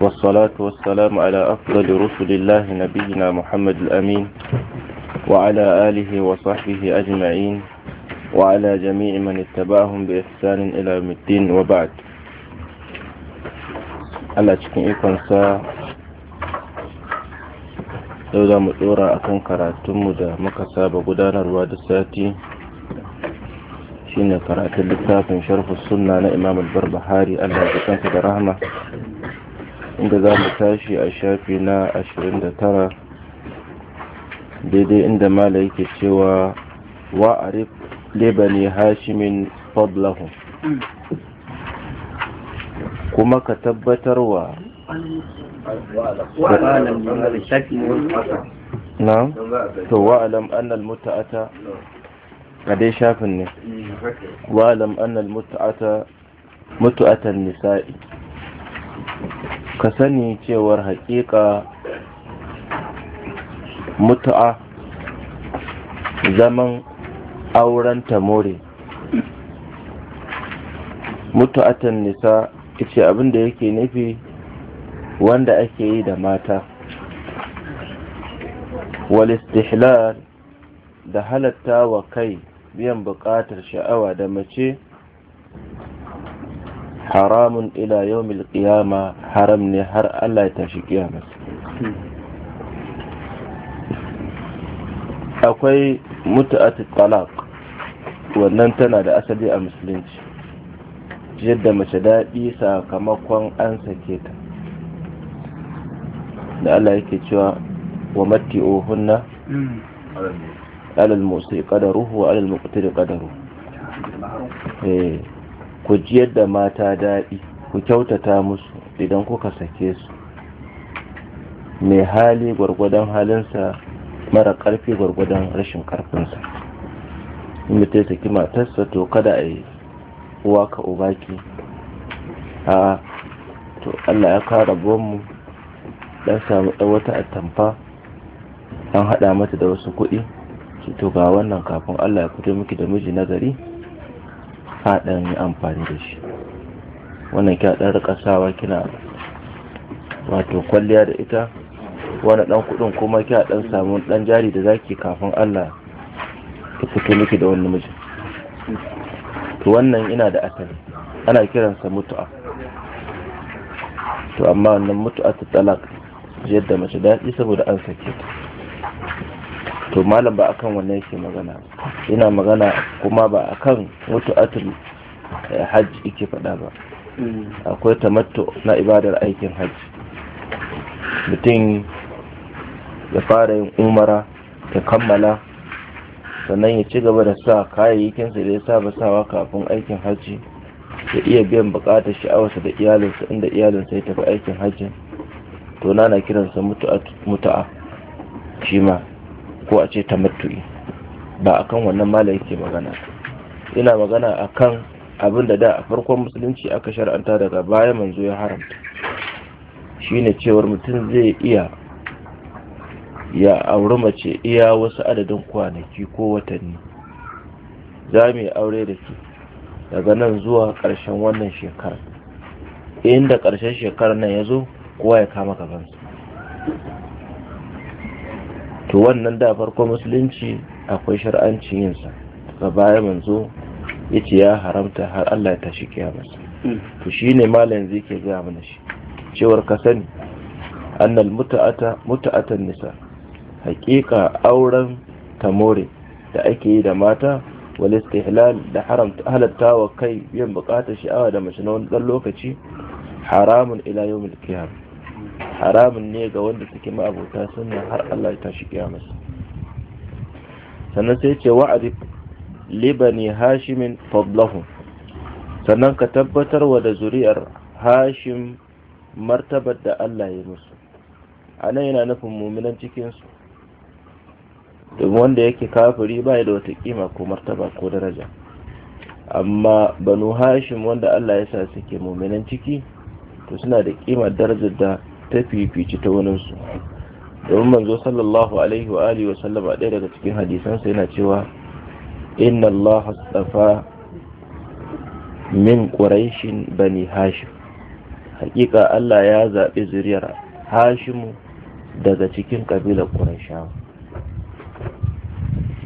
والصلاة والسلام على أفضل رسل الله نبينا محمد الأمين وعلى آله وصحبه أجمعين وعلى جميع من اتبعهم بإحسان إلى المدين وبعد ألا تشكيكم سا دودا مطورة أكون قرأتم دا مكساب قدان الواد الساتي شين كراتم لكتاب شرف السنة لإمام البربحاري ألا تشكيكم برحمة inda za mu tashi a shafi na 29 daidai inda mala yake cewa wa arif libani hashimin fadlahum kuma ka tabbatar wa. to wa'alam annal muta'ata a dai shafin ne mm, wa'alam annal muta'ata mutu'atan nisa'i ka sani cewar haƙiƙa mutu'a zaman auren tamori mutu'atan nisa ce abinda da yake nufi wanda ake yi da mata walistihlal da halatta wa kai biyan buƙatar sha'awa da mace haramun ila yau milkiyama haram ne har Allah ya tashi kiyama akwai mutu'at talak wannan tana da asali a musulunci yadda mace daɗi sakamakon an sake ta da Allah yake cewa wa ohunna alal musi qadaruhu wa alal muqtiri da ku jiyar da mata daɗi ku kyautata musu idan kuka sake su mai hali gwargwadon halinsa mara ƙarfi gwargwadon rashin ƙarfinsa in mutum saki matarsa to kada a yi uwa ka uba ki a to allah ya kara mu dan samu ɗan wata attamfa an haɗa mata da wasu kuɗi to ga wannan kafin allah ya fito miki da miji gari. ka yi amfani da shi wannan kya ɗan rika kina wato kwalliya da ita wani ɗan kuɗin kuma kya ɗan samu ɗan jari da zaki kafin Allah ta fito miki da wani mijin to wannan ina da asali ana kiransa mutu'a to amma wannan mutu'a ta talak yadda mace daɗi saboda an sake ta to malam ba akan wannan yake magana yana magana kuma ba akan atul eh, hajji yake faɗa ba mm. akwai tamattu na ibadar aikin hajji mutum ya fara yin umara ya kammala sannan ya ci gaba da sa kayayyakinsa da ya saba sawa kafin aikin hajji ya iya biyan bukatar sha'awarsa da iyalinsa inda iyalinsa ya tafi aikin hajji to na na kiransa mutu'a shi ma ko a ce ta matu'i ba a kan wannan mala yake magana ina magana a kan abin da da a farkon musulunci aka shar'anta daga baya manzo ya haramta shine cewar mutum zai iya ya auri mace iya wasu adadin kwanaki ko watanni za mu yi aure da ke daga nan zuwa ƙarshen wannan shekarar inda ƙarshen shekarar nan ya zo kowa ya kama gabansa to wannan da farko musulunci akwai shar'ancin yinsa daga baya manzo ya ce ya haramta har Allah ya tashi kiyamarsa to shi ne malam zai ke gaya mana shi cewar ka sani annal muta'ata muta'atan nisa hakika auren tamore da ake yi da mata wal istihlal da haramta wa kai biyan bukatar sha'awa da mace na wani dan lokaci haramun ila yawmil haramun ne ga wanda suke ma'abuta suna har Allah ya tashi kiyamarsa sannan sai ce wa'arif libani hashimin fadlahu sannan ka tabbatar wa da zuri'ar hashim martabar da Allah ya musu a nan yana nufin muminan cikinsu domin wanda yake kafiri ba da wata kima ko martaba ko daraja amma banu hashim wanda Allah ya sa suke muminan ciki to suna da ƙima darajar da ta fifici ta waninsu domin manzo sallallahu alaihi wa alihi wa sallama ɗaya daga cikin hadisansa yana cewa inna allaha tsafa min quraishin bani hashim hakika allah ya zaɓi zuriyar hashimu daga cikin ƙabilar quraishawa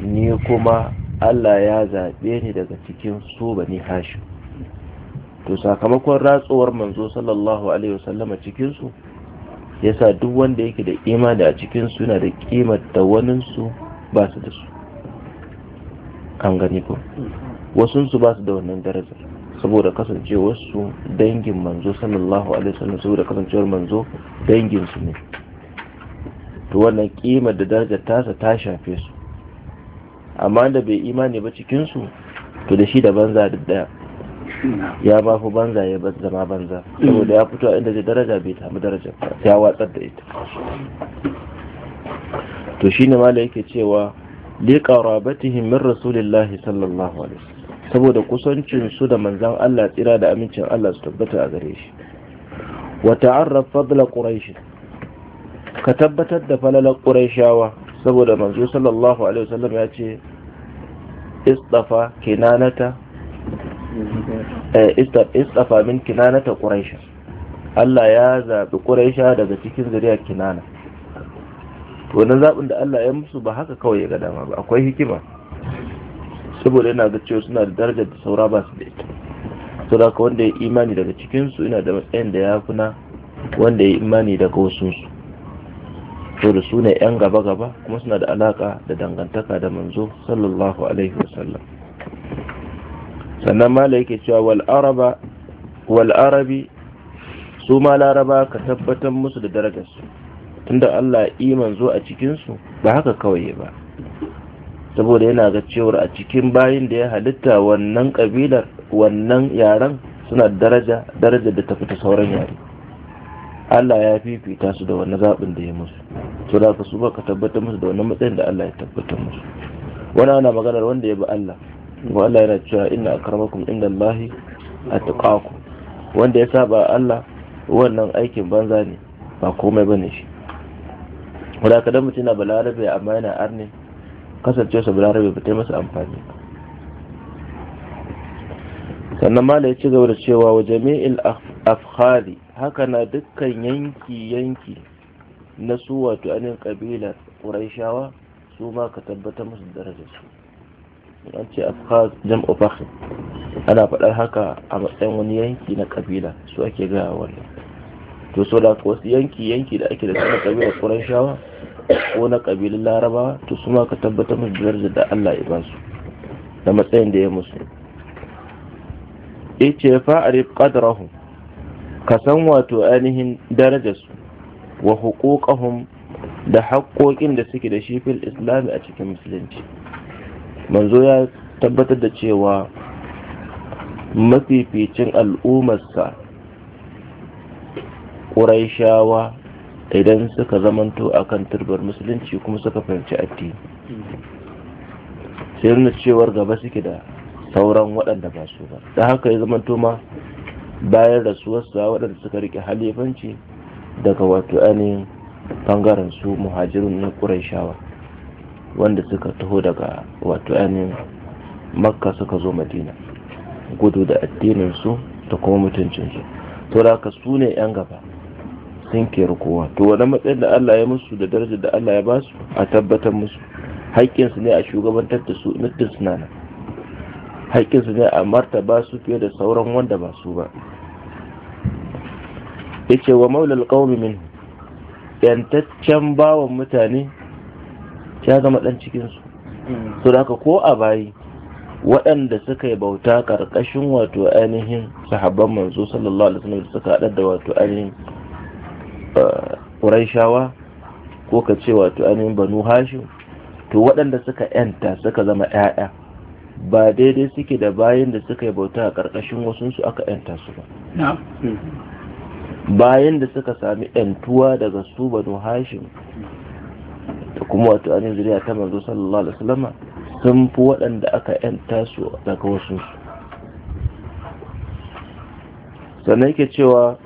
ni kuma allah ya zaɓe ni daga cikin su bani hashim to sakamakon ratsuwar manzo sallallahu alaihi wa wasallama cikinsu yasa duk wanda yake da imani a cikin suna da kimar da su ba su da su an gani ko wasunsu ba su da wannan daraja saboda kasancewar su dangin manzo sallallahu alaihi wasallam saboda kasancewar manzo dangin su ne to wannan kimar da ta tasa ta shafe su amma da bai imani ba cikin su to da shi da banza da daya ya ba ku banza ya zama banza saboda ya fito inda zai daraja bai samu darajar ya watsar da ita to shi ne mala yake cewa liqarabatihim min rasulillahi sallallahu alaihi wasallam saboda kusancin su da manzon Allah tsira da amincin Allah su tabbata a gare shi wa ta'arraf fadla quraish ka tabbatar da falalar quraishawa saboda manzo sallallahu alaihi wasallam ya ce istafa kinanata Eh, istafa min kinana ta ƙuraisha Allah ya zaɓi ƙuraisha daga cikin zuriyar kinana to wannan zaɓin da Allah ya musu ba haka kawai ya ga dama ba akwai hikima saboda yana ga cewa suna da darajar da saura ba su da ita da ka wanda ya imani daga cikin su ina da matsayin da ya kuna wanda ya imani daga wasu su to da su ne yan gaba gaba kuma suna da alaka da dangantaka da manzo sallallahu alaihi wasallam sannan mala yake cewa wal araba su ma laraba ka tabbatar musu da darajarsu tunda Allah iman zo a cikinsu ba haka kawai ba saboda yana ga cewar a cikin bayin da ya halitta wannan kabilar wannan yaren suna daraja darajar da ta fita sauran yare Allah ya fifita su da wannan zaɓin da ya musu to da ka su ba ka tabbatar musu da wannan matsayin da Allah ya tabbatar musu wani ana maganar wanda ya bi Allah kuma yana cewa inna akramakum inda Allahi wanda ya saba Allah wannan aikin banza ne ba komai bane shi wanda ka dan mutum na balarabe amma yana arne kasance sa balarabe ba ta masa amfani sannan Malam ya ci gaba da cewa wa jami'il afkhari haka na dukkan yanki yanki na su wato anin kabilar ƙuraishawa su ma ka tabbatar musu darajar su an ce afkhaz jam ofakhi ana faɗar haka a matsayin wani yanki na kabila su ake gaya wannan to so da wasu yanki yanki da ake da su na kabilar shawa ko na kabilun larabawa to su ma ka tabbatar musu daraja da Allah ya basu da matsayin da ya musu yace fa arif qadrahu ka san wato ainihin darajarsu wa huquqahum da haƙoƙin da suke da shifin fil islami a cikin musulunci manzo ya tabbatar da cewa mafificin al'ummarsa ƙuraishawa idan suka zamanto a kan turbar musulunci kuma suka fahimci addini sai nuna cewar gaba suke da sauran waɗanda ba su ba da haka ya zamanto ma bayan rasuwarsa waɗanda suka riƙe halifanci daga wato ainihin bangaren su muhajirun na ƙuraishawa wanda suka taho daga wato ainihin makka suka zo madina gudu da addininsu da kuma mutuncinsu to da haka su ne 'yan gaba sun ke kowa to wani matsayin da allah ya musu da darajar da allah ya basu a tabbatar musu haƙƙinsu ne a shugabantar da su muddin suna haƙƙinsu ne a martaba su fiye da sauran wanda ba su ba Ya ce wa maulal ƙaunumin yantaccen bawan mutane ya zama ɗan cikinsu mm. su haka ko a bayi waɗanda suka yi bauta ƙarƙashin wato ainihin sahabban manzo sallallahu alaihi wasallam suka haɗar da wato ainihin ƙuraishawa uh, ko ka ce wato ainihin banu hashim to waɗanda suka yanta suka zama ƴaƴa ba daidai suke da bayan da suka yi bauta a ƙarƙashin su aka yanta su ba bayan da suka sami yantuwa daga su banu hashim da kuma wato ainihin zuriya ta manzo sallallahu alaihi wasallama sun fi waɗanda aka yanta su daga wasu sannan yake cewa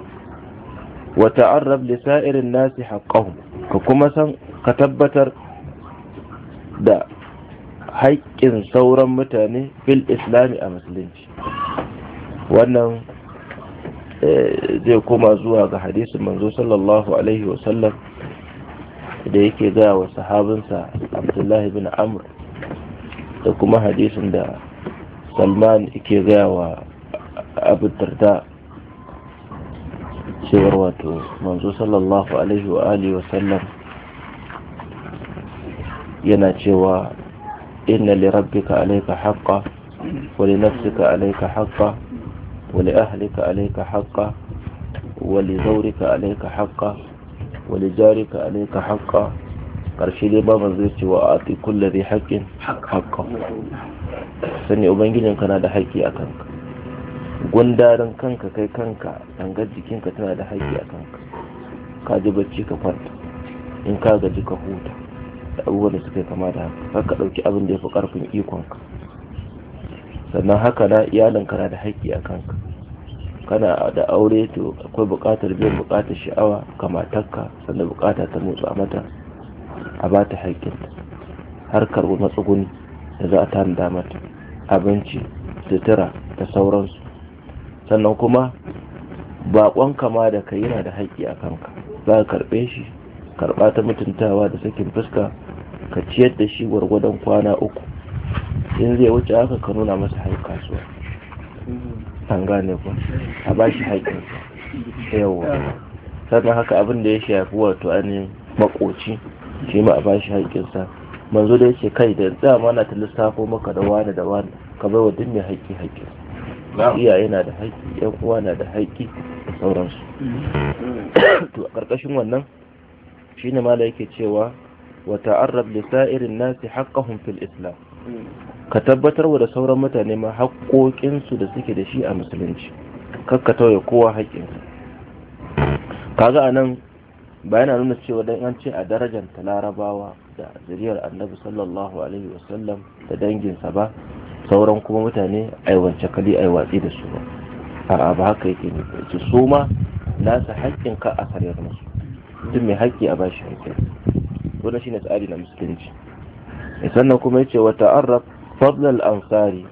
wa ta'arrab li sa'irin nasi haqqahum ka kuma san ka tabbatar da haƙƙin sauran mutane fil islami a musulunci wannan eh, zai koma zuwa ga hadisin manzo sallallahu alaihi wasallam da yake gaya wa sahabinsa abdullahi bin amr da kuma hadisin da salman yake gaya wa abu darda cewar wato manzo sallallahu alaihi wa alihi wa sallam yana cewa inna li rabbika alayka haqqa wa li nafsika alayka haqqa wa li ahlika alayka haqqa wa li zawrika alayka haqqa wani jari ka ne ka haƙa ƙarshe dai baban zai ce wa ati kulle zai haƙƙin haƙƙa sani ubangijin na da haƙƙi a kanka gundarin kanka kai kanka dangar jikinka tana da haƙƙi a kanka ka ji bacci ka farta in ka gaji ka huta da abubuwan da suka kama da haka ka ɗauki abin da ya fi ƙarfin ikonka sannan haka na iyalinka na da haƙƙi a kanka kana da aure to akwai bukatar biyan bukatar sha'awa kamatarka sannan bukata ta motsa mata a ba ta har karɓi matsuguni da za a tanada mata abinci sutura da sauransu sannan kuma baƙon kama da yi yana da haƙƙi a kanka za ka karɓe shi karɓa ta mutuntawa da sakin fuska ka ciyar da shi gwargwadon kwana uku in zai wuce haka ka nuna masa har an gane ku a ba shi haƙƙin yawa sannan haka abin da ya shafi wato ainihin makoci shi ma a ba shi sa manzo da yake kai da za mana na ta lissafo maka da wani da wani ka bai wa duk mai haƙƙi haƙƙin iyaye na da haƙƙi yan uwa na da haƙƙi da sauransu mm-hmm. to a ƙarƙashin wannan shine mala yake cewa wa ta'arrab li sa'irin nasi haqqahum fil islam ka tabbatar wa da sauran mutane ma haƙoƙinsu da suke da shi a musulunci kakka tauye kowa haƙƙinsa kaga a nan bayan yana nuna cewa don an ce a darajar ta larabawa da zuriyar annabi sallallahu alaihi wasallam da danginsa ba sauran kuma mutane aiwance kali aiwatsi da su ba a'a ba haka yake ne su su ma nasa haƙƙin ka a sarayar musu duk mai haƙƙi a bashi haƙƙin wannan shine tsari na musulunci sannan kuma ce wa ta'arraf fadlal ansari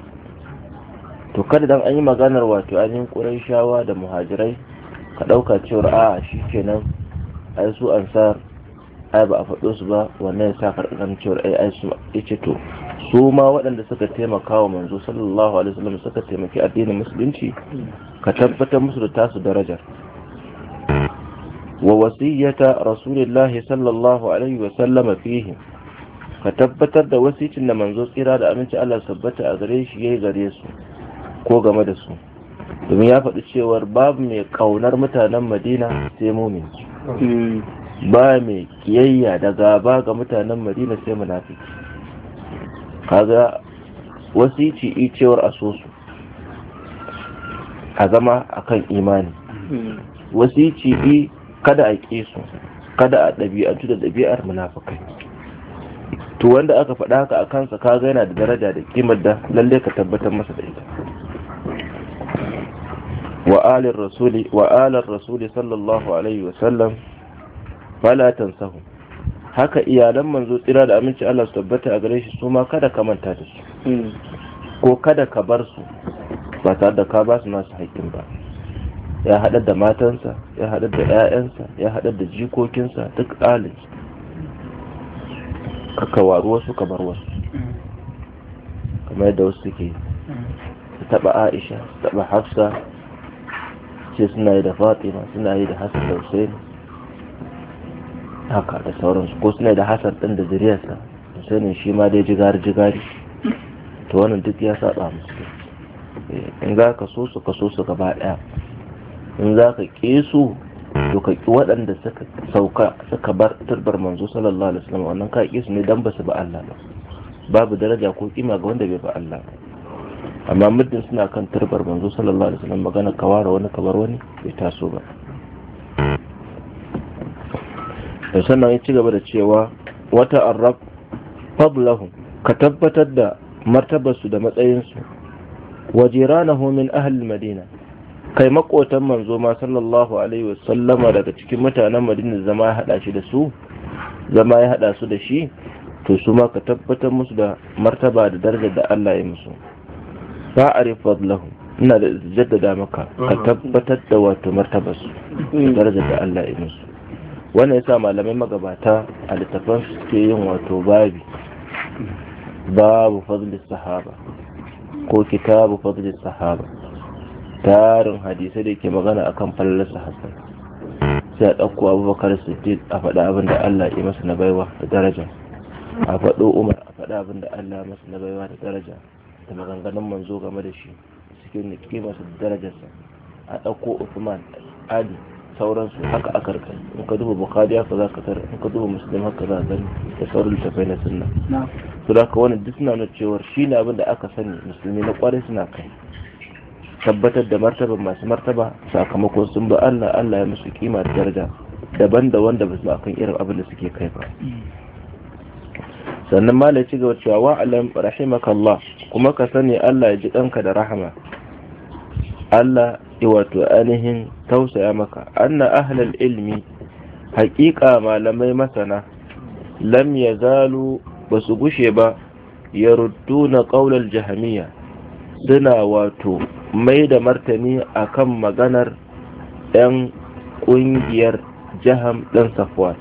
to kada dan an yi maganar wato ainihin ƙurashawa da muhajirai ka dauka cewa a kenan" ai su ansar ai ba a faɗo su ba wannan ya sa karɓar cewar ai ai su yace to su ma waɗanda suka taimaka wa manzo sallallahu alaihi wasallam suka taimaki addinin musulunci ka tabbatar musu da tasu darajar wa wasiyyata, rasulillahi sallallahu alaihi wasallam fihi ka tabbatar da wasicin da manzo tsira da aminci Allah sabbata a gare shi yayi gare su ko game da su domin ya faɗi cewar babu mai kaunar mutanen madina sai mumin ba mai kiyayya da gaba ga mutanen madina sai munafiki kaga wasici i cewar a so su a zama akan imani wasici i kada a ƙi su kada a ɗabi'antu da ɗabi'ar munafikai to wanda aka faɗa haka a kansa kaga yana da daraja da kimar da lalle ka tabbatar masa da ita wa alir rasuli wa alir rasuli sallallahu alaihi wa sallam fala tansahu haka iyalan manzo tsira da aminci Allah su tabbata a gare shi su ma kada ka manta da su hmm. ko kada ka bar su ba tare da ka ba su nasu haƙƙin ba ya haɗa da matansa ya haɗa da 'ya'yansa ya haɗa da jikokinsa duk alinsa ka waru wasu ka bar wasu kamar yadda wasu suke su taba aisha su taba hafsa ce suna yi da fatima suna yi da hassan da hussein haka da sauransu ko suna yi da hassan din da zuriyarsa hussein shi ma dai jigar jigari to wannan duk ya saba musu eh, in za ka so su ka so su gaba daya in za ka ƙi su to waɗanda suka sauka suka bar turbar manzo sallallahu alaihi wasallam wannan ka kisu ne dan basu ba Allah ba babu daraja ko kima ga wanda bai ba Allah ba amma muddin suna kan turbar manzo sallallahu alaihi wasallam magana ka ware wani ka bar wani bai taso ba to sannan ya ci gaba da cewa wata arraf fadlahu ka tabbatar da martabarsu da matsayinsu wa jiranahu min ahli madina kai makotan manzo ma sallallahu alaihi wasallama daga cikin mutanen madina zama ya hada shi da su zama ya hada su da shi to su ma ka tabbatar musu da martaba da daraja da Allah ya musu arif fadlahu ina da jaddada maka ka tabbatar da wato martabar su mm. daraja da Allah ya musu wannan yasa malamai magabata a littafan su suke yin wato babi babu fadlis sahaba ko kitabu fadlis sahaba tarin hadisai da ke magana akan fallasa hasan sai a ɗauko abubakar siddiq a faɗa abin da allah ya masa na baiwa da daraja a faɗo umar a faɗa abin da allah ya masa na baiwa da daraja da maganganun manzo game da shi suke da masa da darajarsa a ɗauko usman ali sauransu haka a karkai in ka duba bukhari haka za ka tar in ka duba muslim haka za ka da sauran littafai na sunna su da ka wani duk suna na cewar shi ne abin da aka sani musulmi na kwarai suna kai tabbatar da martaba masu martaba sakamakon sun ba Allah Allah ya musu kima da daraja daban da wanda ba su akan irin abin da suke kai ba sannan ma ci gaba cewa wa alam rahimakallah kuma ka sani Allah ya ji ɗanka da rahama Allah ya wato ainihin tausaya maka anna ahlal ilmi haƙiƙa malamai masana lam ya zalu ba su gushe ba ya rudduna ƙaular jahamiya suna wato mai da martani a kan maganar 'yan ƙungiyar jihar ɗan safuwa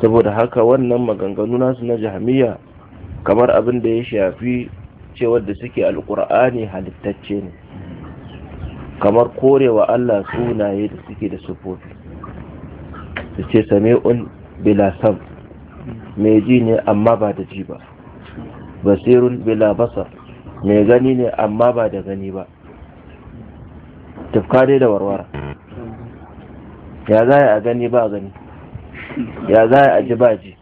saboda haka wannan maganganu nasu na jihamiya kamar abin da ya shafi cewar da suke alƙur'ani halittacce ne kamar korewa Allah sunaye da suke da sufofi su ce sami'un bilasam mai ji ne amma ba da ji ba basirun bila basar mai gani ne amma ba da gani ba tufka dai da warwara ya za a gani ba gani ya za a ji ba ji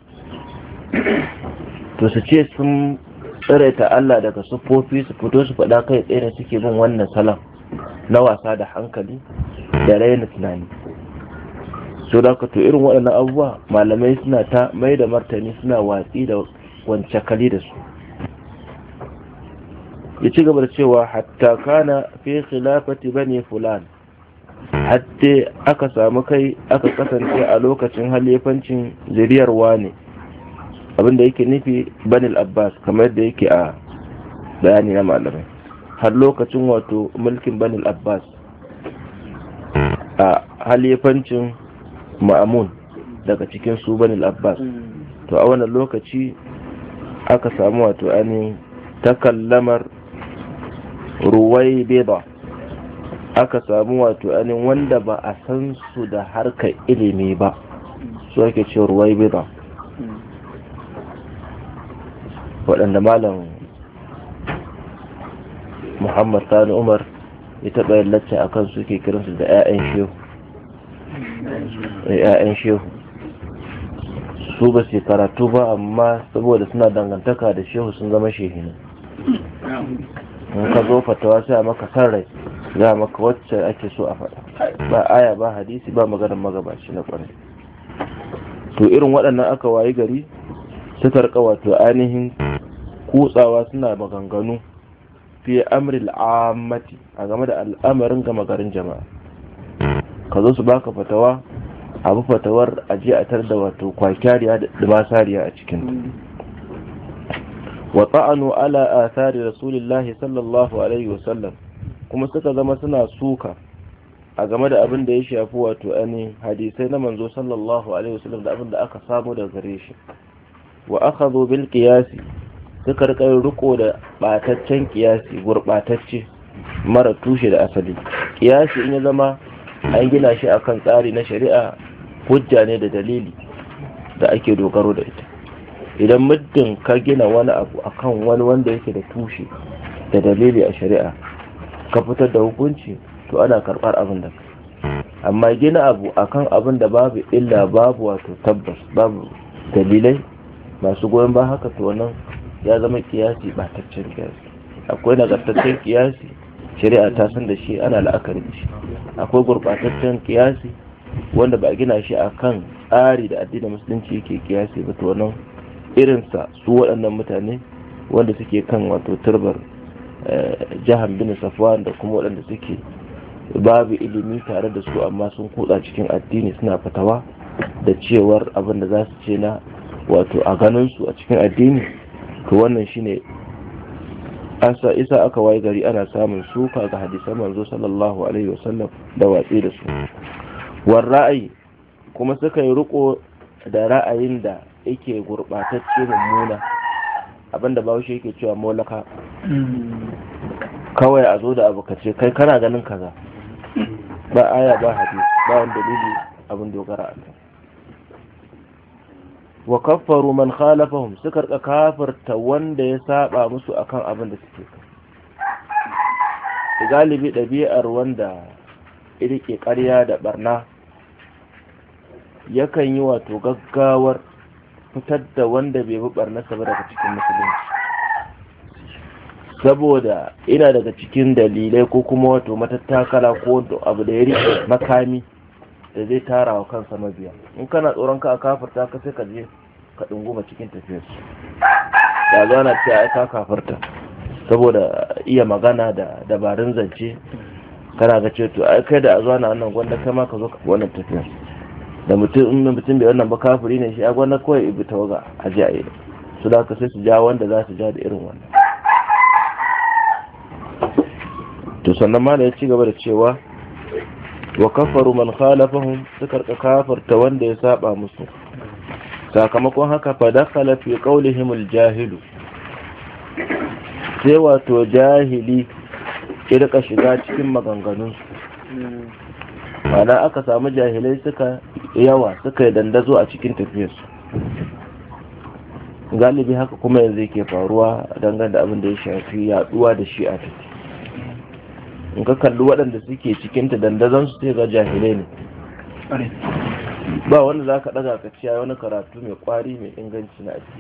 to su ce sun tsiraita Allah daga siffofi su fito su faɗa kai tsaye suke bin wannan salam na wasa da hankali da raina tunani so da to irin waɗannan abubuwa malamai suna ta mai da martani suna watsi da wance kali da su ya ci gaba da cewa hatta kana fi khilafati bani fulan hatta aka samu kai aka kasance a lokacin halifancin zuriyar wani abinda yake nufi banil abbas kamar yadda yake a bayani na malamai har lokacin wato mulkin banil abbas a halifancin ma'amun daga cikin su banil abbas to a wannan lokaci aka samu wato ainihin takallamar ruwai beba aka samu wato ani wanda ba a san su da harkar ilimi ba su ake ce ruwai beba waɗanda malam muhammad sani umar ya taɓa yin lacca a kan suke kiransu da 'ya'yan shehu eh, 'ya'yan shehu su ba su karatu ba amma saboda suna dangantaka da shehu sun zama shehinu in ka zo fatawa sai a maka san rai za maka wacce ake so a faɗa ba aya ba hadisi ba maganar magabaci na ƙwarai to irin waɗannan aka wayi gari su rika wato ainihin kutsawa suna maganganu fi amril ammati a game da al'amarin gama garin jama'a ka zo su baka fatawa abu fatawar ajiyatar da wato kwakyariya da basariya a cikin wa ta'anu ala athari rasulillahi sallallahu alaihi wasallam kuma suka zama suna suka a game da abin da ya shafi wato ainihin hadisai na manzo sallallahu alaihi wasallam da abin da aka samu da gare shi wa zo bil qiyasi suka rika riko da ɓataccen qiyasi gurbatacce mara tushe da asali qiyasi in ya zama an gina shi akan tsari na shari'a hujja ne da dalili da ake dogaro da ita idan muddin ka gina wani abu akan wani wanda yake da tushe da dalili a shari'a ka fitar da hukunci to ana karɓar abin da amma gina abu akan abin da babu illa babu wato tabbas babu dalilai masu goyon ba haka to wannan ya zama kiyasi cin kiyasi akwai nagartaccen kiyasi shari'a ta san da shi ana la'akari da shi akwai gurbataccen kiyasi wanda ba gina shi akan tsari da addinin musulunci yake kiyasi ba to wannan irinsa su waɗannan mutane wanda suke kan wato turbar eh, jihar bin safwan da kuma waɗanda suke babu ilimi tare da su amma sun kutsa cikin addini suna fatawa da cewar abin za su ce na wato a ganin a cikin addini to wannan shine asa isa aka waye gari ana samun suka ga hadisan manzo sallallahu alaihi wasallam da watsi da su war ra'ayi kuma suka yi riko da ra'ayin da yake gurbatacce mummuna abinda bahaushe yake cewa molaka kawai a zo da abu ka ce kai kana ganin kaza ba aya ba hadisi ba wani dalili abin dogara a kai wa kaffaru man khalafahum suka rika kafirta wanda ya saba musu akan abin da suke kai galibi ɗabi'ar wanda irike ƙarya da barna yakan yi wato gaggawar fitar da wanda bai bi barnarsa ba daga cikin musulunci saboda ina daga cikin dalilai ko kuma wato matattakala ko wato abu da ya rike makami da zai tara wa kansa mabiya in kana tsoron ka a kafarta ka sai ka je ka ma cikin tafiyar su da zana ce a ka kafarta saboda iya magana da dabarun zance kana ga ce to kai da a zana wannan gwanda kai ma ka zo wannan tafiyar da mutum in mutum bai wannan ba ne shi ya gwana kawai ibi ta waga a yi su da sai su ja wanda za su ja da irin wannan to sannan ma da ya ci gaba da cewa wa kafaru man khalafahum karka kafarta wanda ya saba musu sakamakon haka fa dakhala fi qawlihim al-jahilu sai wato jahili ya rika shiga cikin maganganunsu Mana aka samu jahilai suka yawa suka yi dandazo a cikin tafiyarsu galibi haka kuma yanzu yake faruwa dangane da abin da ya shafi yaduwa da shi a in ka kalli waɗanda suke cikin ta dandazon su sai ga jahilai ne ba wanda za ka ɗaga ka ciya wani karatu mai ƙwari mai inganci na aji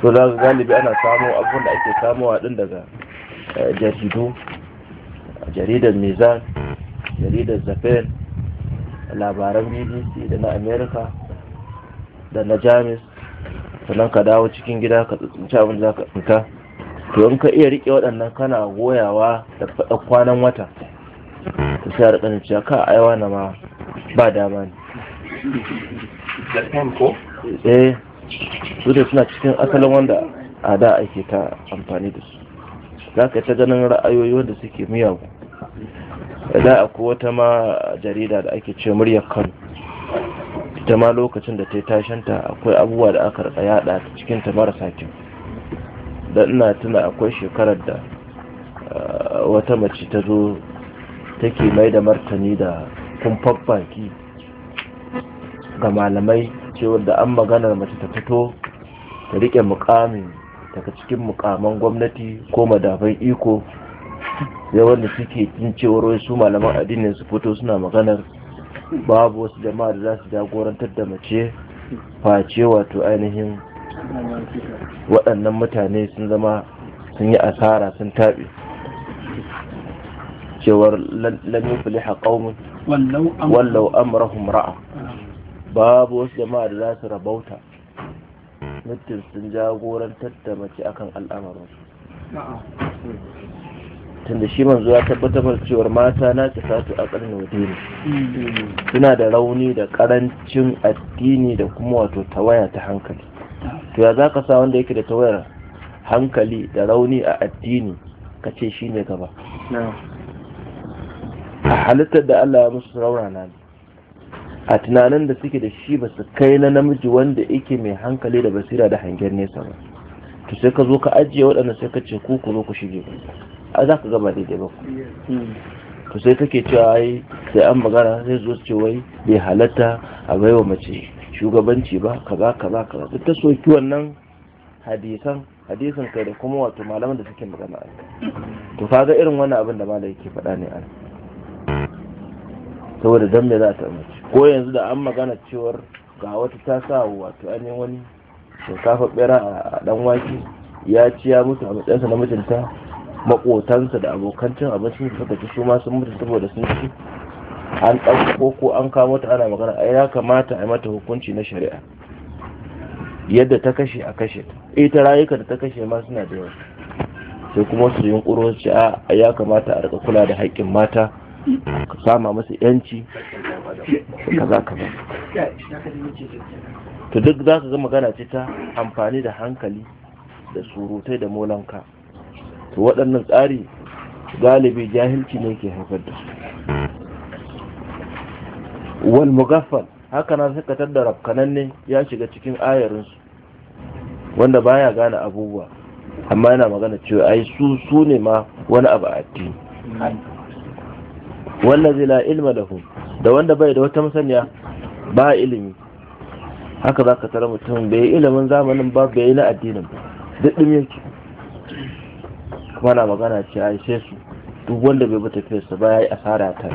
to za ga galibi ana samo abubuwan da ake samowa ɗin daga eh, jaridu jaridar mizan jaridar zafin labaran bbc da na america da na jamus sannan ka dawo cikin gida ka tsinci abin za ka tsinta to in ka iya rike waɗannan kana goyawa da faɗa kwanan wata ta sai a cewa ka aiwa na ma ba dama ne eh su da suna cikin asalin wanda a da ake ta amfani da su za ka yi ta ganin ra'ayoyi wanda suke miyagu da akwai wata ma jarida da ake ce murya kano ita ma lokacin da ta yi tashinta akwai abubuwa da aka rika yada ta cikin ta marasa kyau da ina tuna akwai shekarar da ah, wata mace ta zo take mai da martani da kumfan baki ga malamai cewar da an maganar mace ta fito ta rike mukamin daga cikin mukaman gwamnati ko madafan iko sai wanda suke jin cewar su malaman addinin su fito suna maganar babu wasu jama'a da za su jagorantar da mace face wato ainihin waɗannan mutane sun zama sun yi asara sun taɓe cewar lam a ƙaunin wallau amrahum ra'a babu wasu jama'a da za su rabauta mutum sun jagorantar da mace akan al'amarin tunda shi manzo ya tabbatar da cewar mata na kisatu a karni ne. suna da rauni da karancin addini da kuma wato tawaya ta hankali to ya za ka sa wanda yake da tawayar hankali da rauni a addini ka ce ne gaba a halittar da Allah ya musu raurana ne a tunanin da suke da shi ba su kai na namiji wanda yake mai hankali da basira da hangen nesa ba to sai ka zo ka ajiye waɗanda sai ka ce ku ku zo ku shige a za ka gama daidai ba to sai take cewa ai sai an magana sai zo ce wai bai halatta a baiwa mace shugabanci ba kaza kaza kaza duk ta soki wannan hadisan hadisan kai da kuma wato malaman da suke magana a to kaga irin wannan abin da malai yake faɗa ne a saboda dan me za ta mace ko yanzu da an magana cewar ga wata ta sa wato an wani shinkafa bera a dan wake ya ci ya mutu a matsayinsa na mijinta makotansa da abokan cin abinci suka ci su ma sun mutu saboda sun ci an ɗauko ko an kama ta ana magana ai ya kamata a mata hukunci na shari'a yadda ta kashe a kashe ita rayuka da ta kashe ma suna da yawa sai kuma su yin ƙuroci a ya kamata a rika kula da haƙƙin mata ka sama masu yanci kaza kaza to duk za ka ga magana ce ta amfani da hankali da surutai da molanka to waɗannan tsari galibi jahilci ne ke haifar da su wal mugaffal haka na suka tadda rafkanan ne ya shiga cikin ayarinsu wanda baya gane abubuwa amma yana magana cewa ai su su ne ma wani abu a addini wannan zai la ilma da da wanda bai da wata masaniya ba ilimi haka za ka tara mutum bai ilimin zamanin ba bai na addinin ba duk ɗin mana magana ce a ishe su duk wanda bai bata fesa ba ya yi asara ta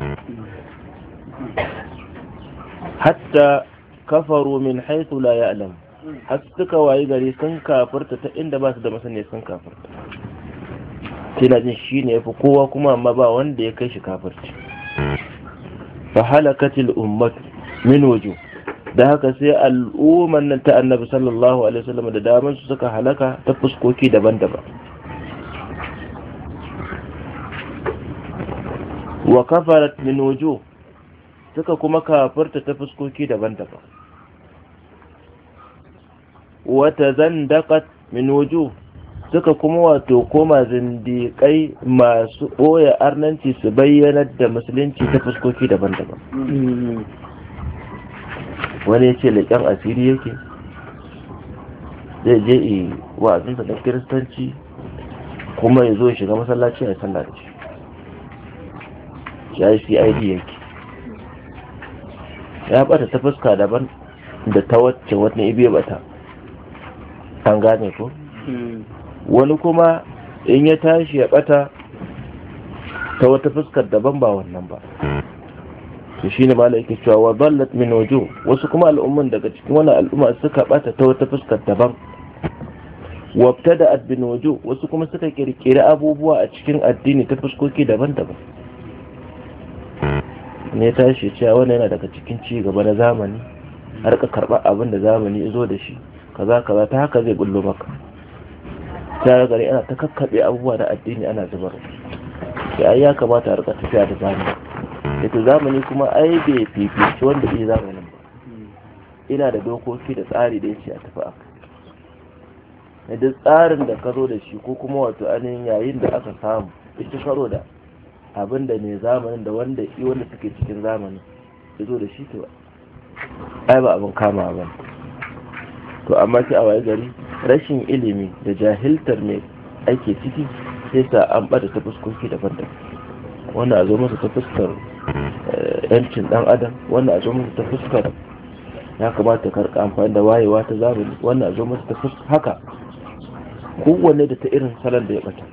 hatta kafaru min haithu la ya'lam har suka wayi gari sun kafarta ta inda ba su da masani sun kafarta Tana jin shi ne yafi kowa kuma amma ba wanda ya kai shi kafarci fa halakatil ummat min wujuh da haka sai al'umman nan ta annabi sallallahu alaihi wasallam da daman su suka halaka ta fuskoki daban-daban wa kafarat min wujuh suka kuma kafarta ta fuskoki daban-daban wata tazandaqat min wujuh suka kuma wato koma zindiƙai masu ɓoye arnanci su bayyana da musulunci ta fuskoki daban-daban wani ce leƙen asiri yake zai je wa'azinsa da kiristanci kuma ya zo shiga masallaci a sallah yi cid yake ya bata ta fuska daban da ta wacce wani ibe bata an gane ko wani kuma in ya tashi ya bata ta wata fuskar daban ba wannan ba to ne mala yake cewa wa dallat min wujuh wasu kuma al'umman daga cikin wani al'umma suka bata ta wata fuskar daban wabta da wujuh wasu kuma suka kirkiri abubuwa a cikin addini ta fuskoki daban-daban ne tashi cewa ah, wannan yana daga cikin ci gaba na zamani har ka karba abin da zamani ya zo da shi kaza kaza ta haka zai bullo maka ta gari ana ta kakkaɓe abubuwa da addini ana zubar sai ai ya kamata a rika tafiya da zamani yato zamani kuma ai bai fifici wanda bai zamanin ba ina da dokoki da tsari da ce a tafi a da duk tsarin da ka zo da shi ko kuma wato ainihin yayin da aka samu ita karo da abin da mai zamanin da wanda yi wanda suke cikin zamanin ya zo da shi to ai ba abin kama ba to amma shi a waye gari rashin ilimi da jahiltar mai ake ciki sai sa an bada ta fuskoki daban-daban wannan a zo masa ta fuskar eh, yancin dan adam wannan a zo masa ta fuskar ya kamata karka amfani da wayewa ta zamani wannan a zo masa ta fuskar haka kowanne da ta irin salon da ya bata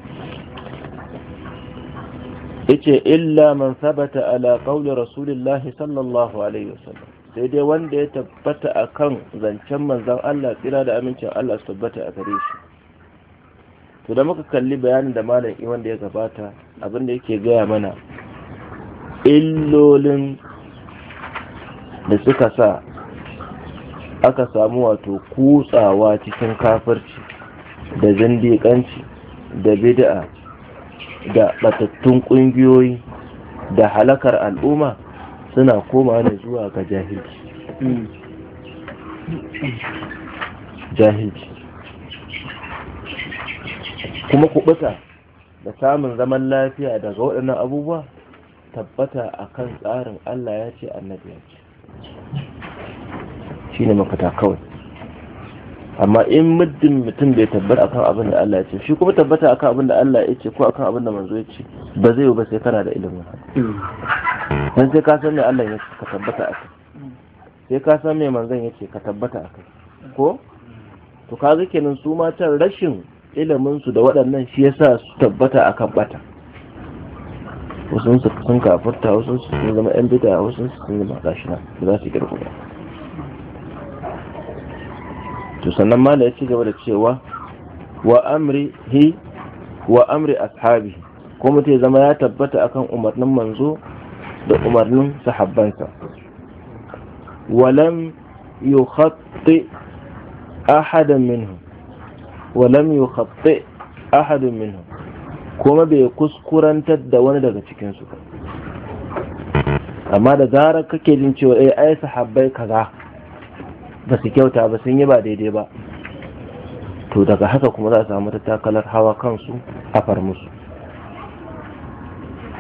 yace illa man sabata ala qawli rasulillahi sallallahu alaihi wasallam sai dai wanda ya tabbata akan zancen manzon Allah tsira da amincin Allah su tabbata a gare shi to da muka kalli bayanin da malam wanda ya gabata abin da yake gaya mana illolin da suka sa aka samu wato kutsawa cikin kafirci da zindiƙanci da bid'a da batattun ƙungiyoyi da halakar al'umma suna koma ne zuwa ga jahilci jahilci kuma kubuta da samun zaman lafiya daga waɗannan abubuwa tabbata a kan tsarin Allah ya ce annabi ya ce shi ne mafita kawai amma in muddin mutum bai tabbata akan abin da Allah ya ce shi kuma tabbata akan abin da Allah ya ce ko akan abin da manzo ya ce ba zai yi ba sai kana da ilimin dan sai ka san me Allah ya ce ka tabbata akai sai ka san me manzon ya ce ka tabbata akai ko to ka ga kenan su ma can rashin ilimin su da waɗannan shi yasa su tabbata akan bata wasu sun kafurta wasu sun zama yan bida wasu sun zama gashi da ba za su girku ba to sannan ma da ya ci gaba da cewa wa amrihi wa amri ashabi ko mutum ya zama ya tabbata akan umarnin manzo da umarnin sahabbansa walam yukhatti ahadan minhu walam yukhatti kuma bai kuskurantar da wani daga cikinsu amma da zarar kake jin cewa eh, ai sahabbai kaza ba su kyauta ba sun yi ba daidai ba to daga haka kuma za a samu takalar hawa kansu a far musu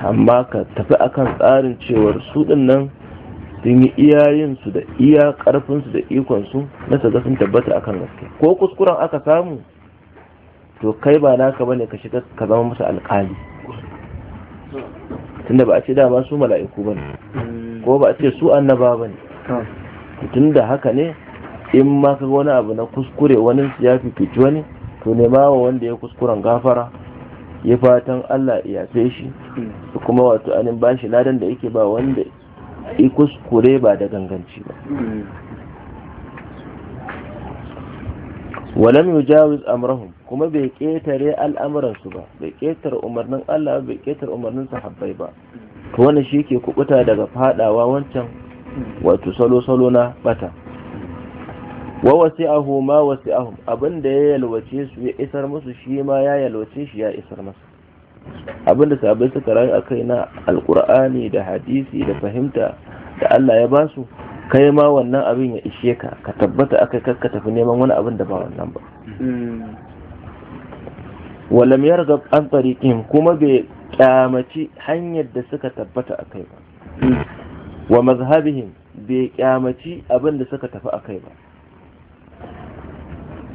amma ka tafi akan tsarin cewar su nan sun yi iyayensu da iya karfinsu da ikonsu na saga sun tabbata akan gaske ko kuskuren aka samu to kai ba naka bane ka shiga ka zama musu alkali tunda ba a ce dama su mala'iku bane ko ba a ce su annaba bane tunda haka ne in ma ka wani abu na kuskure wani ya fifici wani to nema wa wanda ya kuskuren gafara ya fatan Allah ya yafe shi kuma wato anin bashi ladan da yake ba wanda i kuskure ba da ganganci ba walam yujawiz amrahum kuma bai ketare al'amuran su ba bai ketar umarnin Allah bai ketar umarnin sahabbai ba to wannan shi ke kubuta daga fadawa wancan wato salo salo na bata wa wasi'ahu ma wasi'ahu abinda ya yalwace su ya isar musu shi ma ya yalwace shi ya isar musu abinda sabai suka rayu a kai na alkur'ani da hadisi da fahimta da Allah ya ba su kai ma wannan abin ya ishe ka ka tabbata akai kar ka tafi neman wani abin da ba wannan ba walam yarga an tariqihim kuma bai kyamaci hanyar da suka tabbata akai ba wa mazhabihim bai kyamaci abin da suka tafi akai ba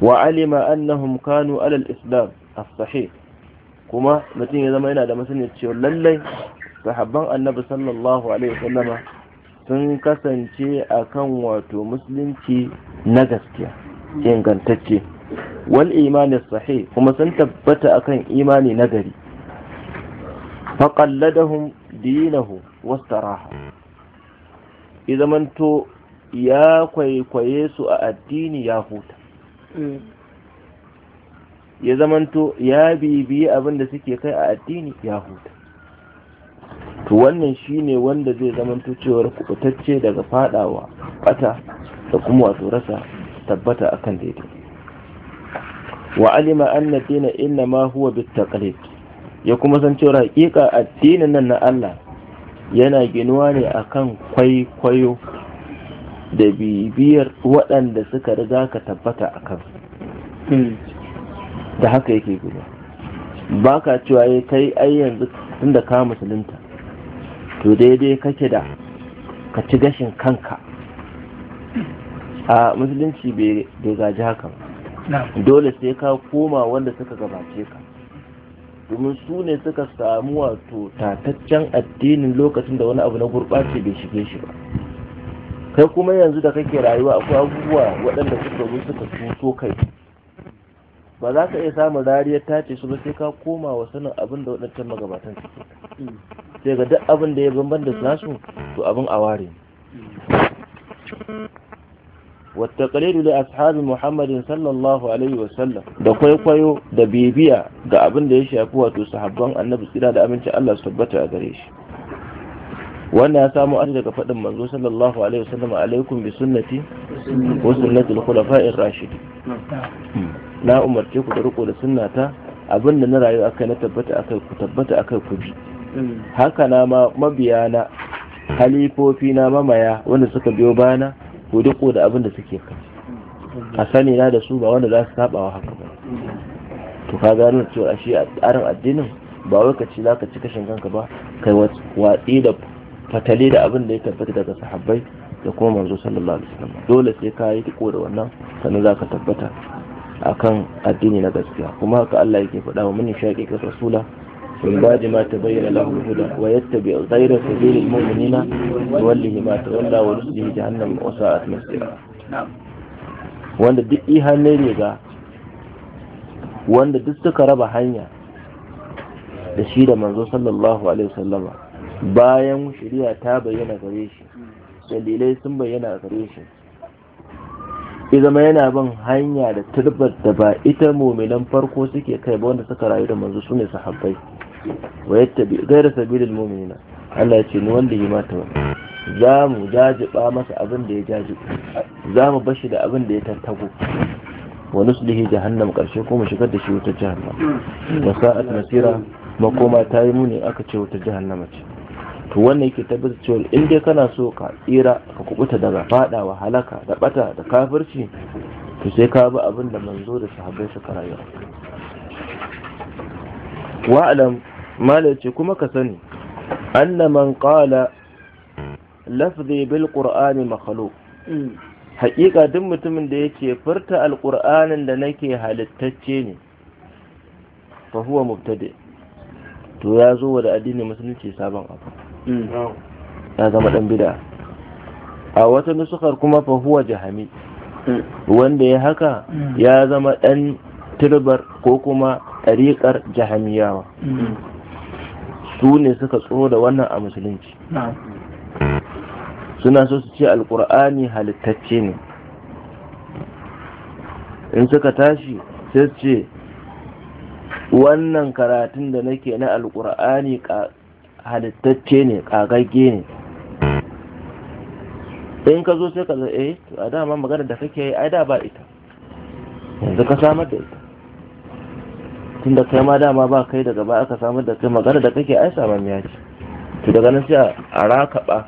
وعلم أنهم كانوا على الإسلام الصحيح كما متين إذا ما ينادى مثلا يتشير للي صحبان النبي صلى الله عليه وسلم sun kasance a kan wato musulunci na gaskiya ingantacce wal imani sahih kuma sun tabbata akan imani na gari faƙalladahun dinahu idan izamanto ya kwaikwaye su a addini ya huta ya zamanto ya bibiyi abin da suke kai a addini ya huta to wannan shine wanda zai zamanto cewar kubutacce daga fadawa bata da kuma wato rasa tabbata akan daidai wa alima anna dina inna ma huwa bittaqlid ya kuma san cewa hakika addinin nan na Allah yana ginuwa ne akan kwaikwayo da bibiyar waɗanda suka riga ka tabbata a kan hmm. da haka yake guda ba ka cewa ya eh, kai ai yanzu da ka musulunta to daidai kake da ka ci gashin kanka a musulunci bai gaji haka ba dole sai ka koma wanda suka gabace ka domin su ne suka samu wato tataccen addinin lokacin da wani abu na gurɓace bai shige shi ba kai kuma yanzu da kake rayuwa akwai abubuwa waɗanda suka zo suka tuso kai ba za ka iya samun rariyar ce su ba sai ka koma wa sanin abin da waɗancan magabatan su sai ga duk abin da ya bamban da nasu to abin a ware wattaƙalilu da ashabi muhammadin sallallahu alaihi wasallam da kwaikwayo da bibiya ga abin da ya shafi wato sahabban annabi tsira da amincin allah su tabbata a gare shi Wannan ya samu asali daga faɗin manzo sallallahu alaihi wasallam alaikum bi sunnati wa sunnati al ar rashid hmm. na umarce ku da riko da sunnata abinda na rayu akai na tabbata akai ku tabbata akai ku bi hmm. haka na ma mabiya na halifofi na mamaya wanda suka biyo bana ku riko da abinda suke kai hmm. a sani na da su ba wanda za su wa haka ba to ka gano cewa shi a tsarin addinin ba wai ka ci za ka ci kashin kanka ba kai watsi da fatale da abin da ya tabbata daga sahabbai da kuma manzo sallallahu alaihi wasallam dole sai ka yi tiko da wannan sannan za ka tabbata akan addini na gaskiya kuma haka Allah yake faɗa wa mun shaƙi ka rasula min ba'di ma bayyana lahu huda wa yattabi ghayra sabili almu'minina yuwallihi ma tawalla wa nuslihi jahannam wa sa'at masira wanda duk ihanne riga wanda duk suka raba hanya da shi da manzo sallallahu alaihi wasallama bayan shari'a ta bayyana gare shi dalilai sun bayyana gare shi ya zama yana bin hanya da turbar da ba ita mominan farko suke kai ba wanda suka rayu da manzo sune sahabbai wa bi ghayra sabilil mu'minina Allah ya ce ni wanda yi mata wani za mu jajiba masa abin da ya jaji za mu bashi da abin da ya tattago wa nuslihi jahannam karshe ko mu shigar da shi wutar jahannama wa sa'at masira makoma ta yi muni aka ce wutar jahannama ce to wannan yake tabbata cewa in dai kana so ka tsira ka kubuta daga fadawa halaka da bata da kafirci to sai ka bi abin da manzo da sahabbai suka rayu wa'alam ce kuma ka sani anna man qala lafzi bil qur'ani makhluq mm. Hakika duk mutumin da yake furta alƙur'anin da nake halittacce ne fa huwa mubtadi to ya zo da addinin musulunci sabon abu Mm. ya zama dan bid'a a wata nusukar kuma fa huwa jahami mm. wanda ya haka mm. ya zama dan turbar ko kuma ɗariƙar jahamiyawa su ne suka tsoro da wannan a musulunci suna so su ce Alƙur'ani halittacce ne in suka tashi sai ce wannan karatun da nake na alkur'ani halittacce ne kagagge ne in ka zo sai ka zo eh to a dama magana da kake yi ai da ba ita yanzu ka samar da ita tunda kai ma dama ba kai daga ba aka samar da kai magana da kake ai samar miya ce to daga nan sai a rakaba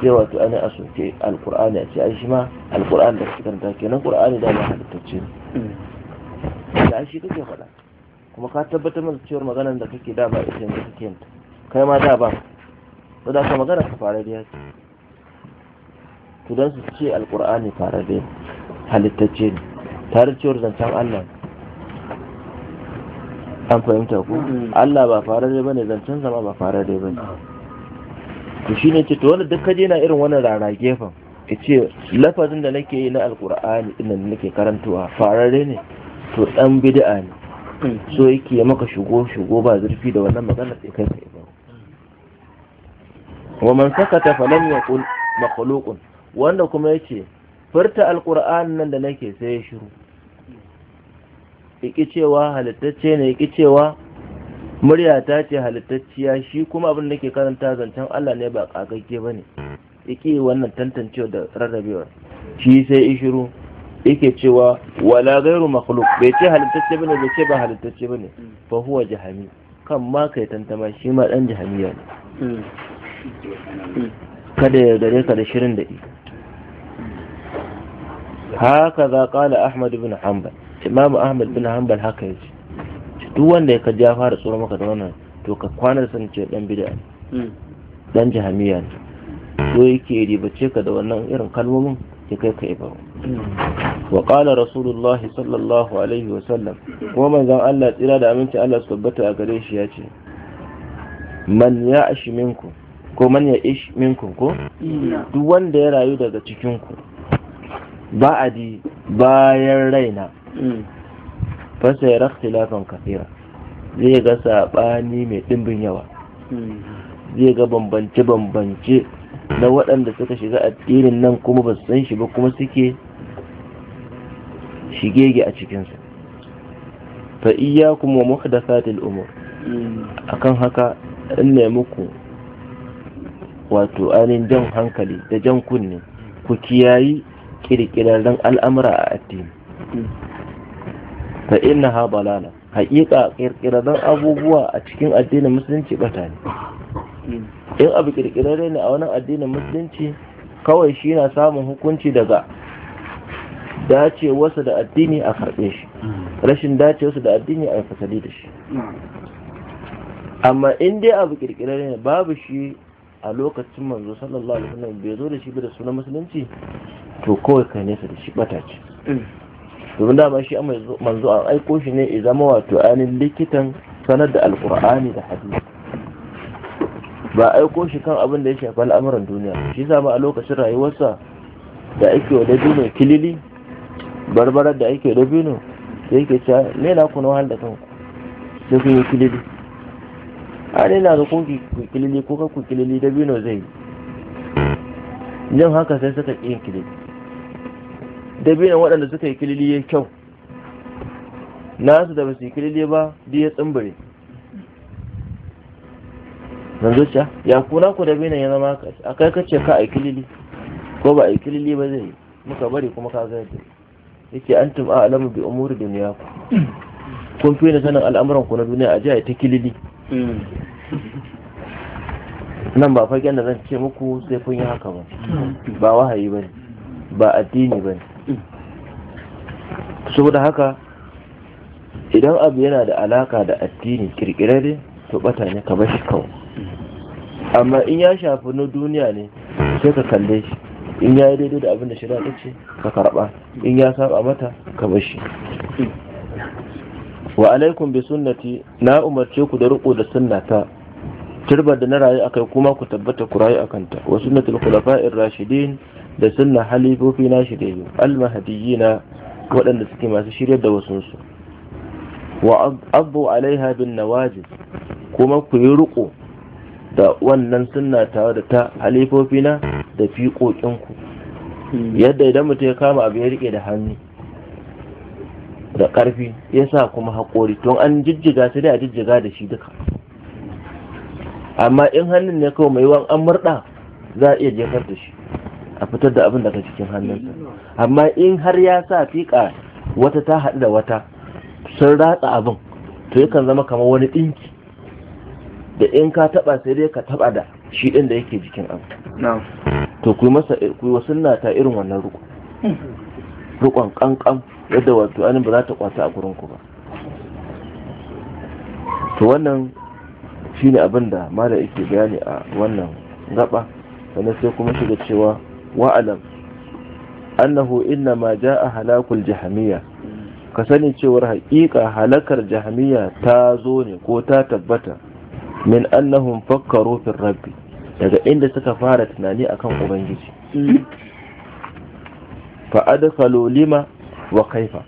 sai wato ani a soke alkur'ani a ce ai shi ma alkur'ani da suka karanta kenan qur'ani da ma halittacce ne da shi kake faɗa kuma ka tabbatar mana cewar maganar da kake dama ita yanzu kake yanta kai ma da ba to da ka magana ka fara da yaki to dan su ce alqur'ani fara da halittacce ne tare cewar zancen Allah an fahimta ku Allah ba fara da bane zancen zama ba fara da bane to shine ce to wanda duk kaje na irin wannan rara gefen ya ce lafazin da nake yi na alkur'ani inda nake karantowa farare ne to dan bid'a ne so yake maka shigo shigo ba zurfi da wannan magana sai kai ba wa man sakata lam yaqul makhluqun wanda kuma yace furta alqur'an nan da nake sai ya shiru yake cewa halittacce ne yake cewa murya ta ce halittacciya shi kuma abin da ke karanta zancen Allah ne ba kakakke bane yake wannan tantancewa da rarrabewa shi sai ishiru shiru yake cewa wala gairu makhluq bai ce halittacce bane bai ce ba halittacce bane fa huwa jahami kan ma kai tantama shi ma dan jahamiya ne hmm. kada ya gare ka da shirin da haka za kala ahmad bin hanbal imamu ahmad bin hanbal haka ya ce duk wanda ya ka ja fara tsoron maka da wannan to ka kwanar san ce dan bid'a ne dan hmm. jahamiya ne so yake ribace ka da wannan irin kalmomin ya kai ka ibaru hmm. wa qala rasulullahi sallallahu alaihi wa sallam kuma manzon Allah tsira da aminci Allah su tabbata a gare shi ya ce man ya'shi minkum ko man ya ish minkum ko mm. duk wanda ya rayu daga cikin ku di bayan raina mm. fasa ya rafi lafan kafira zai ga saɓani mai ɗimbin yawa mm. zai ga bambance-bambance na waɗanda suka shiga addinin nan kuma ba su san shi ba kuma suke shigege a cikinsa fa kuma wa umar. umur akan haka in nemi muku wato ainihin jan hankali da jan kunne ku kiyayi kirkirarren al'amura a addini fa inna ha balala Haƙiƙa kirkirarren abubuwa a cikin addinin musulunci bata ne in abu kirkirarre ne a wani addinin musulunci kawai shi na samun hukunci daga dace wasu da addini a karɓe shi rashin dace wasu da addini a fasali da shi amma in dai abu kirkirarre ne babu shi a lokacin manzo sallallahu alaihi wasallam bai zo da shi da sunan musulunci to kawai kai nesa da shi bata ce domin dama shi manzo an aiko shi ne idan zama wato ainihin likitan sanar da alkur'ani da hadisi ba aiko shi kan abin da ya shafi al'amuran duniya shi zama a lokacin rayuwarsa da ake wa dabino kilili barbarar da ake dabino da yake cewa ne na kuna wahal da kanku sai kun yi kilili a dai na kun kilili ko ka kilili da bino zai yan haka sai suka yi kilili da bino waɗanda suka yi kilili ya kyau na su da basu yi kilili ba duk ya tsimbire nan zuciya ya kuna ku da bino ya zama haka a kai kace ka a kilili ko ba a kilili ba zai muka bari kuma ka zai yake antum a'lamu bi umuri dunyakum kun fi sanin al'amuran ku na duniya a jiya ta kilili Hmm. nan ba fagen da zan ce muku sai kun yi haka ba ba wahayi ba ba addini ba saboda haka idan abu yana da alaka da addini kirkirare to bata ne ka shi kawo amma in ya shafi na duniya ne sai ka kalle shi in ya yi daidai da abin da ta ka karba in ya saba mata ka bashi wa alaikum bi sunnati na umarce ku da riko da sunnata turbar da na rayu akai kuma ku tabbata ku rayu ta wa sunnatul khulafa'ir rashidin da sunna halifofi na shirye al mahdiyina waɗanda suke masu shiryar da wasu su wa abu alaiha bin nawajid kuma ku yi riko da wannan sunna tawa da ta halifofina da fiƙoƙinku hmm. yadda idan mutum ya kama abu ya rike da hannu da ƙarfi ya sa kuma haƙori tun an jijjiga sai dai a jijjiga da shi duka amma in hannun ne kawai mai wan an murɗa za a iya jefar da shi a fitar da abin daga cikin hannunsa amma in har ya sa fiƙa wata ta haɗu da wata sun ratsa abin to yakan zama kamar wani ɗinki da in ka taɓa sai dai ka taɓa da shi ɗin da yake jikin abu to ku yi wasu ta irin wannan rukun hmm. rukun ƙanƙan yadda wato anin ba za ta kwasa a gurin ku ba to wannan shine abin da mala yake bayani a wannan gaba sannan sai kuma shiga cewa wa'alam annahu inna ma ja'a halakul jahamiya ka sani cewar haƙiƙa halakar jahamiya ta zo ne ko ta tabbata min annahum fakkaru fi rabbi daga inda suka fara tunani akan ubangiji mm. fa adkhalu lima wa kaifa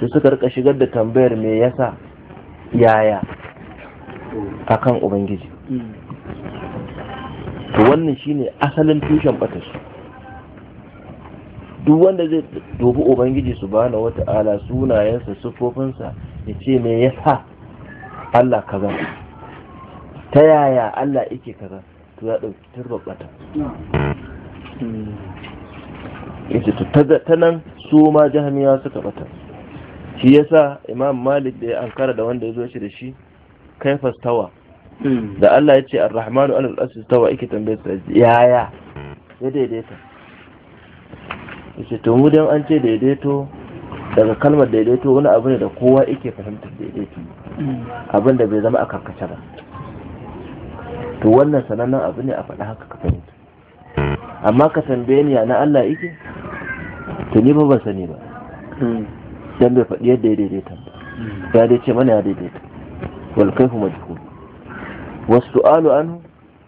to suka rika shigar da tambayar me yasa yaya akan ubangiji to wannan shine asalin tushen batarsu duk wanda zai dubi ubangiji su wata ala sunayensa sufofinsa ya ce me yasa Allah kaza ta yaya Allah yake kaza to ya dauki turbata yace to ta nan su ma jahamiya suka bata shi yasa imam malik da ya ankara da wanda ya zo shi da shi kaifas tawa hmm. da Allah ya ce ar-rahmanu alal asis tawa yake tambayar ta yaya ya daidaita yace to mu dan an ce daidaito daga kalmar daidaito wani abu ne da kowa yake fahimtar daidaito hmm. abin da bai zama a karkace ba to wannan sanannen abu ne a faɗa haka ka fahimta hmm. amma ka tambaye ni na Allah yake to ni ba ban sani ba dan bai faɗi yadda ya daidaita ya dai ce mana ya daidaita wal kaifu wasu wasu'alu an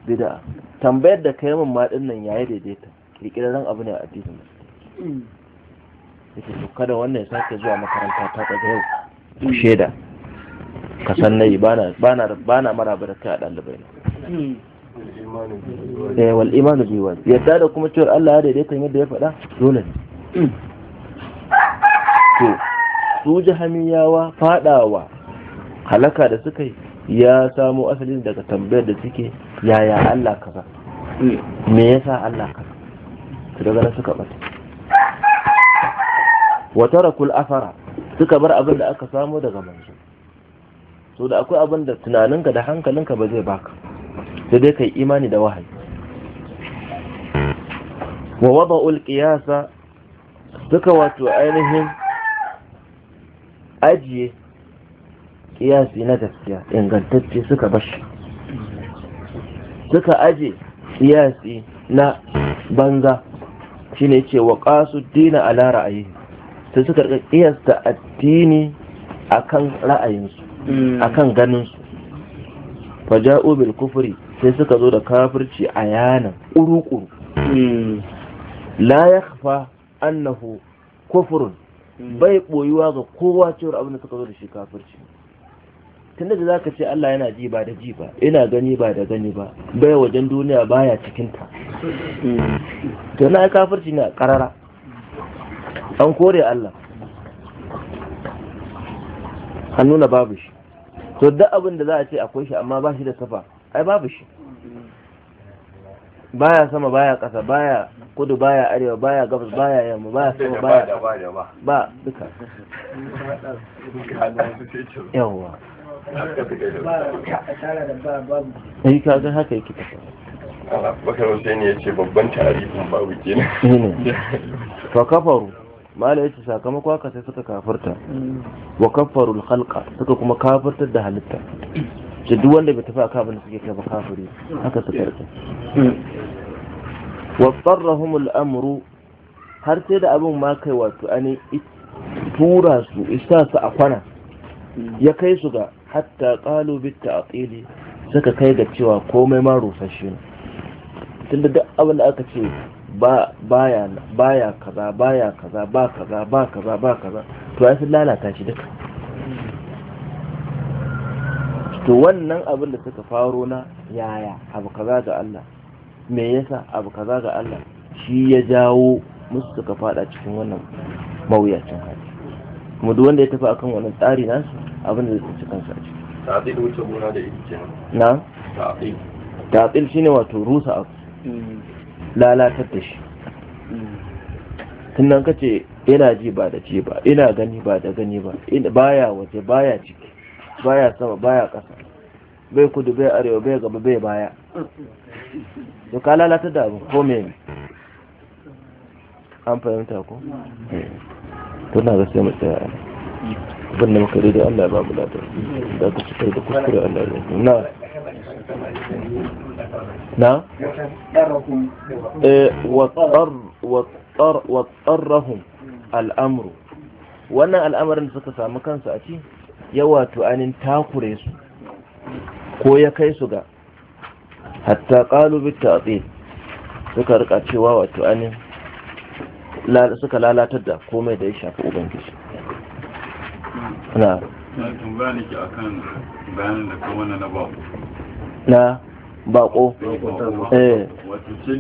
bid'a tambayar da kai mun maɗin nan nan yi daidaita kirkirarren abu ne a addinin yake kada wannan ya sake zuwa makaranta ta daga yau kushe da. ka san na bana bana bana maraba da kai a eh wal imanu bi yadda da kuma cewar Allah ya daidaita yadda ya faɗa dole ne to su jahamiyawa fadawa halaka da suka yi ya samo asalin daga tambayar da suke yaya Allah kaza me yasa Allah kaza su daga da suka bata wa tarakul afara suka bar abin da aka samo daga manzo so da akwai abin da tunaninka da hankalinka ba zai baka sai dai kai imani da wahayi wa wada'ul qiyasa suka wato ainihin ajiye kiyasi na gaskiya ingantacce suka bashi suka aje kiyasi na banza shine ce wa kasu dina ala ra'ayi sai suka kiyasta addini akan ra'ayinsu hmm. akan ganinsu faja'u bil kufri sai suka zo da kafirci a yanan kuru hmm. la ya annahu kufrun bai boyuwa ga kowa cewar abin da suka zo da shi kafirci tunda da zaka ce Allah yana ji ba da ji ba ina gani ba da gani ba bai wajen duniya baya cikin ta to na kafirci na karara an kore Allah an nuna babu shi to duk abin da za a ce akwai shi amma ba shi da safa ai babu shi baya sama baya ƙasa baya kudu baya arewa baya gabas baya yamma baya sama baya ba duka yawa sai eh, ka ga haka yake tafiya bakar hussein ya ce babban tarihin babu kenan to kafaru mala ya ce sakamakon haka sai suka kafarta mm. wa kafarul halka suka kuma kafartar da halitta ce duk wanda bai tafi a kabin suke kai ba kafiri haka su karfi wasarrahum al'amuru har sai da abin ma kai wato ani tura su isa su a kwana ya kai su ga hatta qalu a ta'tili suka kai ga cewa komai ma rusashe ne tunda duk abin da aka ce ba baya baya kaza baya kaza ba kaza ba kaza ba kaza to ai fi lalata shi duka to wannan abin da suka faro na yaya abu kaza ga Allah me yasa abu kaza ga Allah shi ya jawo musu suka fada cikin wannan mawuyacin hali kuma duk wanda ya tafi akan wannan tsari nasu abin da zai ci kansa a ciki ta'til wuce gona da ita kenan na ta'til ta'til shine wato rusa abu mm. lalatar da shi mm. tun nan kace ina ji ba da ji ba ina gani ba da gani ba baya waje baya ciki baya sama baya ƙasa bai kudu bai arewa bai gaba bai baya da ka lalata da abu ko mai an fahimta ko to ga sai mutu ya ne abin da muka da Allah ba mu da da ka cikar da kuskure Allah ya na na eh wa tsar al'amru wannan al'amarin da suka samu kansu a ci ya wato anin takure su ko ya kai su ga hatta kalubin tatsi suka rika cewa wato anin suka lalatar da komai da ya shafi ubangiji na na bako eh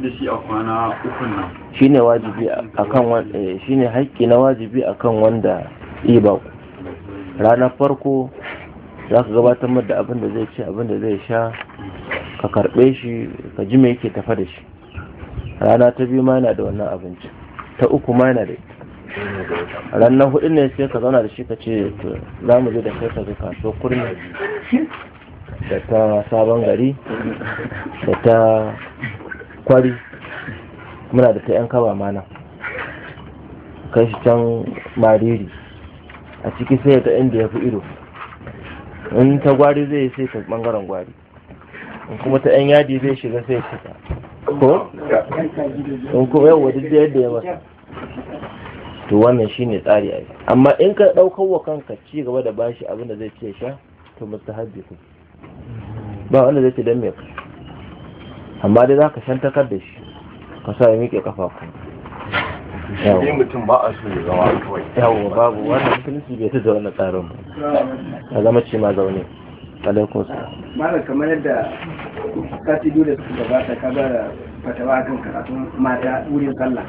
da shi a kwana ukun nan shine wajibi akan eh, shine haƙƙi na wajibi akan wanda yi bako ranar farko za ka gabatar da abin da zai ci abin da zai sha ka karɓe shi ka ji me yake tafa da shi rana ta biyu ma yana da wannan abinci ta uku ma yana da ranar hudu ne sai ka zauna da shi ka ce za mu je da kai ka ga kasuwar kurmi da ta sabon gari da ta kwari muna da ta yan kaba mana kai shi can mariri a ciki sai ta inda ya fi ido in ta gwari zai yi sai ta bangaren gwari in kuma ta yan yadi zai shiga sai shiga ko in kuma yau wadda da yadda ya masa to wannan shine tsari a amma in ka ɗaukar wa kanka ci gaba da bashi abin da zai ce sha to mustahabbi ku ba wanda zai ce dan me amma dai za ka shantakar da shi ka sa ya miƙe kafafu shi mutum ba a so ya zama kawai yawo babu wannan mutunci bai ta da wannan tsarin a zama ce ma zaune alaikum salam malam kamar yadda sati biyu da suka gabata ka ba da fatawa kan karatun mata wurin sallah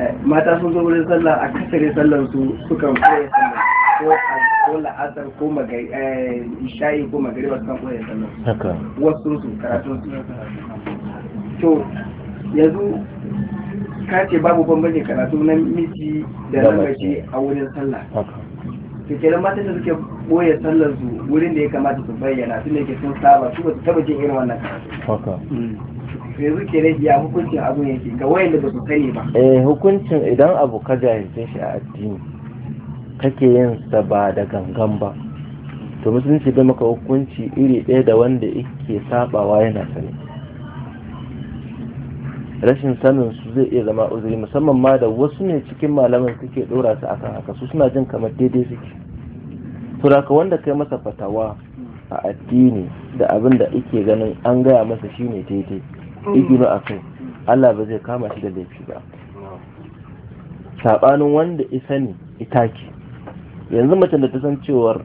eh, mata sun zo wurin sallah a kasare sallar su sukan koya sallah ko la'asar ko magari eh, shayi ko magari wasu kan koya sallar wasu su karatun su to yanzu ka ce babu bambanci karatu na miji da na mace a wurin sallah to kenan matan da suke boye sallar su wurin da ya kamata su bayyana su ne ke sun saba su ba su taba jin irin wannan karatu mm. yanzu kenan ya hukuncin abu yake ga wayanda ba su sani ba eh hukuncin idan abu ka jahilce shi a addini kake yin sa ba da gangan ba to musulunci bai maka hukunci iri ɗaya da wanda yake sabawa yana sani rashin sanin su zai iya zama uzuri musamman ma da wasu ne cikin malaman suke dora su akan haka su suna jin kamar daidai suke to wanda kai masa fatawa a addini da abin da ike ganin an gaya masa shine daidai igino a kai Allah ba zai kama shi da laifi ba sabanin wanda isa ne itaki yanzu mace da ta san cewar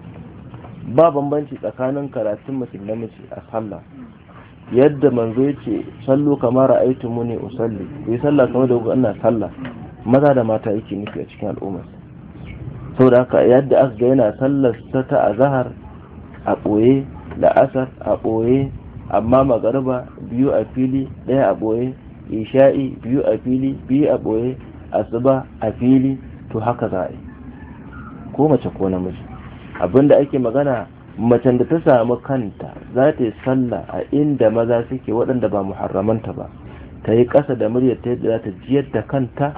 ba bambanci tsakanin karatun mutum na namiji a sallah yadda manzo yace sallu kamar ne muni usalli bai sallah kamar da ina sallah maza da mata yake nufi a cikin al'umma saboda haka yadda aka ga yana sallar ta ta azhar a boye da asar a boye amma magariba biyu a fili ɗaya a boye isha'i biyu a fili biyu a boye asuba a fili to haka za a yi ko mace ko namiji abinda ake magana macen da ta samu kanta za ta yi sallah a inda maza suke waɗanda ba muharramanta ba ta yi ƙasa da muryar ta yadda za ta jiyar da kanta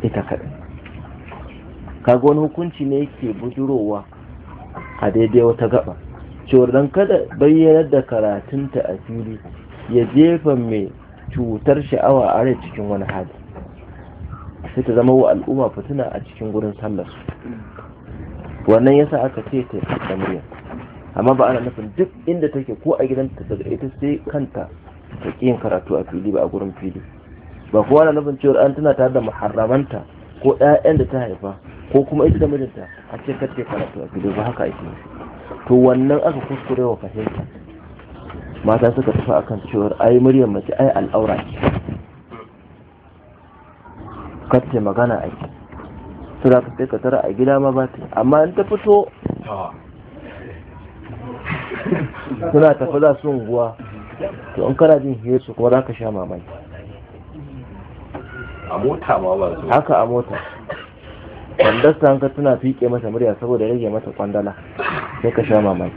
ita kaɗai kaga wani hukunci ne yake bujurowa a daidai wata gaba cewar dan kada bayyanar da karatunta a fili ya jefa mai cutar sha'awa a rai cikin wani hali sai ta zama wa al'umma fitina a cikin gurin sallar wannan yasa aka ce ta kasa murya amma ba ana nufin duk inda take ko a gidan ta daga ita sai kanta ta yin karatu a fili ba a gurin fili ba kowa na nufin cewa an tana tare da muharramanta ko ɗayan da ta haifa ko kuma ita da mijinta a ce kar ce karatu a fili ba haka ake to wannan aka kuskure wa fahimta mata suka tafi akan cewa ai muryar mace ai al'aura ce kar ta magana ake su da ta ka tara a gida ma ba ta amma in ta fito suna tafi za su unguwa to in kana jin hiyar su kuma za ka sha mamaki a mota ma ba su haka a mota kwandasta hanka tana fiƙe mata murya saboda rage mata kwandala sai ka sha mamaki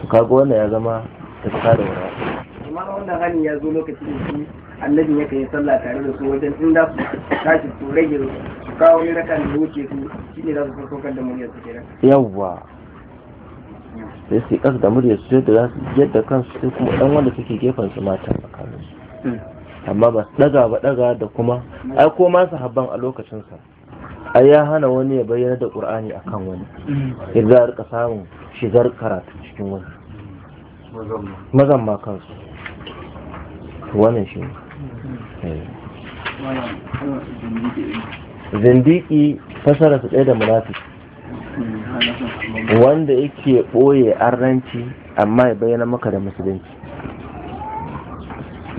to kago wannan ya zama tafka da wani amma wannan hali ya zo lokacin da shi annabi ya kai sallah tare da su wajen in za su tashi su rage su kawo ne rakan da wuce su ne za su farko kan da muryar su kenan yawwa sai su kasa da muryar su yadda za su yadda kansu sai kuma dan wanda suke gefen su mata tsakanin su hmm. amma ba su daga ba daga da kuma ai ko ma habban a lokacin sa ai ya hana wani ya bayyana da qur'ani akan wani hmm. idan rika samun shigar karatu cikin wani mazan ma kansu wannan shi ne eh. zindiki fasara su ɗaya da munafiki wanda yake ɓoye arranci amma ya bayyana maka da musulunci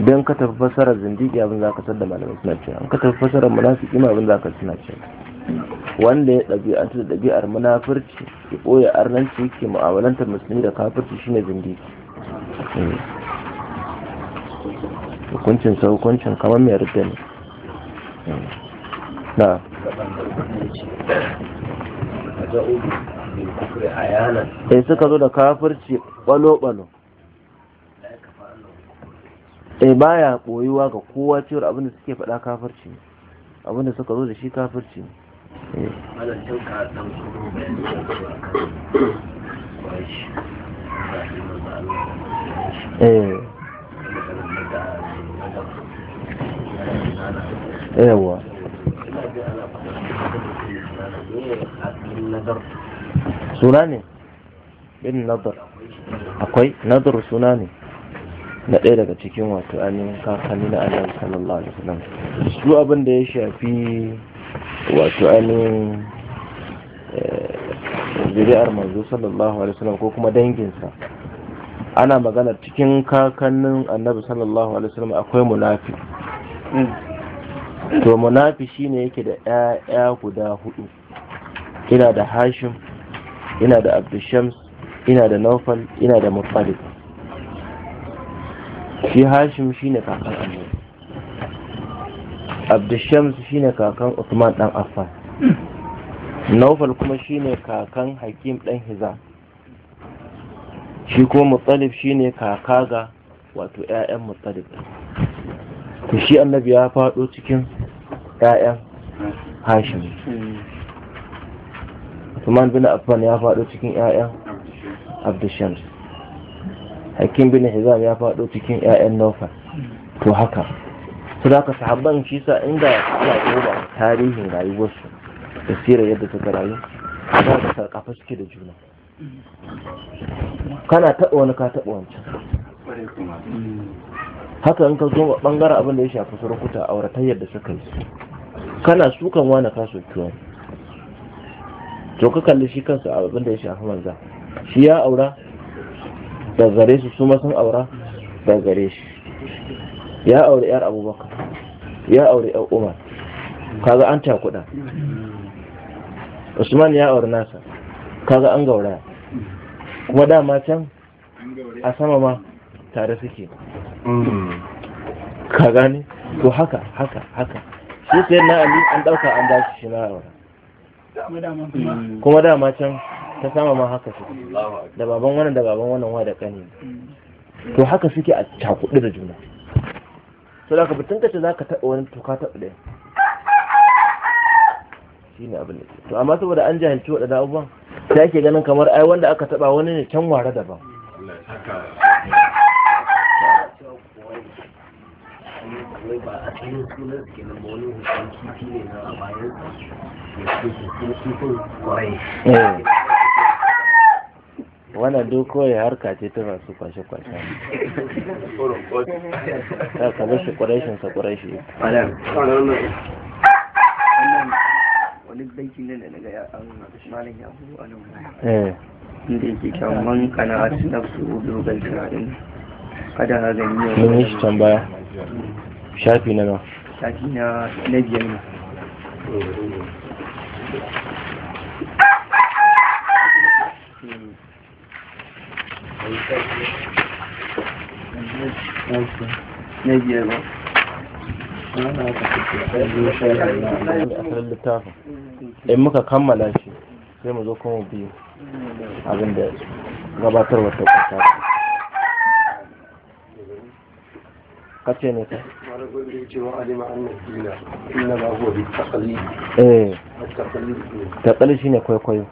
don ka tafi fasara zindiki abin za ka tar da malamai suna cewa an ka tafi fasara munafiki abin za ka suna cewa wanda ya a da ɗabi'ar munafurci ya ɓoye arnanci ke mu'amalantar musulmi da kafirci shine zindiki hukuncin sa hukuncin kamar mai rubda ne na sai suka zo da kafirci balo-balo sai baya ɓoyuwa ga kowa cewar abin da suke faɗa kafirci ne abin da suka zo da shi kafirci ne yawa eh. suna ne bin nazar, akwai nazar suna ne na ɗaya daga cikin wato anin kakanni na Allah sallallahu alaihi wasallam su abin da ya shafi wato ainihin eh, zuri'ar manzo sallallahu alaihi wasallam ko kuma danginsa ana magana cikin kakannin annabi sallallahu alaihi wasallam akwai munafi mm. to munafi shine yake da 'ya'ya guda hudu ina da hashim ina da abdushams ina da naufal ina da muttalib shi hashim shine kakan annabi abdushams shine kakan usman dan affan mm. naufal kuma shine kakan hakim ɗan hiza shi kuma mutsalif shine kaka ga wato 'ya'yan mutsalif to shi annabi ya faɗo cikin 'ya'yan hashim Usman bin Affan ya faɗo cikin 'ya'yan Abdushams Hakim bin Hizam ya faɗo cikin 'ya'yan Naufal to haka su da sahabban shi sa inda ya ba tarihin rayuwarsu da yadda suka rayu za su sarkafa suke da juna kana taɓa wani ka taɓa wancan haka in ka zo ɓangaren abin da ya shafi a auratayyar yadda suka yi kana sukan wani ka so kiwon to ka kalli shi kansa abin da ya shafi manza shi ya aura da gare su su sun aura da gare shi ya aure yar abubakar ya aure yar umar kaga an kuɗa. usman ya auri nasa kaga an gauraya kuma dama can a sama ma tare suke ka gane to haka haka haka shi sai na ali an dauka an dashi shi na aure kuma dama can ta sama ma haka su da baban wannan da baban wannan wa da kani to haka suke a cakudu da juna to da ka batun za zaka taɓa wani to ka taɓa ɗaya shine abin to amma saboda an jahilci waɗannan abubuwan sai ake ganin kamar ai wanda aka taba wani ne can ware daban wani eh. na wannan harka ce ta masu kwashe kwashe ta kamar shi sa wani baiti ne da malam ya abu a nan inda yake kyan man kana a sinafsu dogon tunanin kada ha gani yau mun yi tambaya shafi na shafi na na biyar ne na biyar ba littafin in muka kammala shi sai mu zo kuma biyu abin da gabatar wata kwanta kace ne ta taƙali shi ne kwaikwayo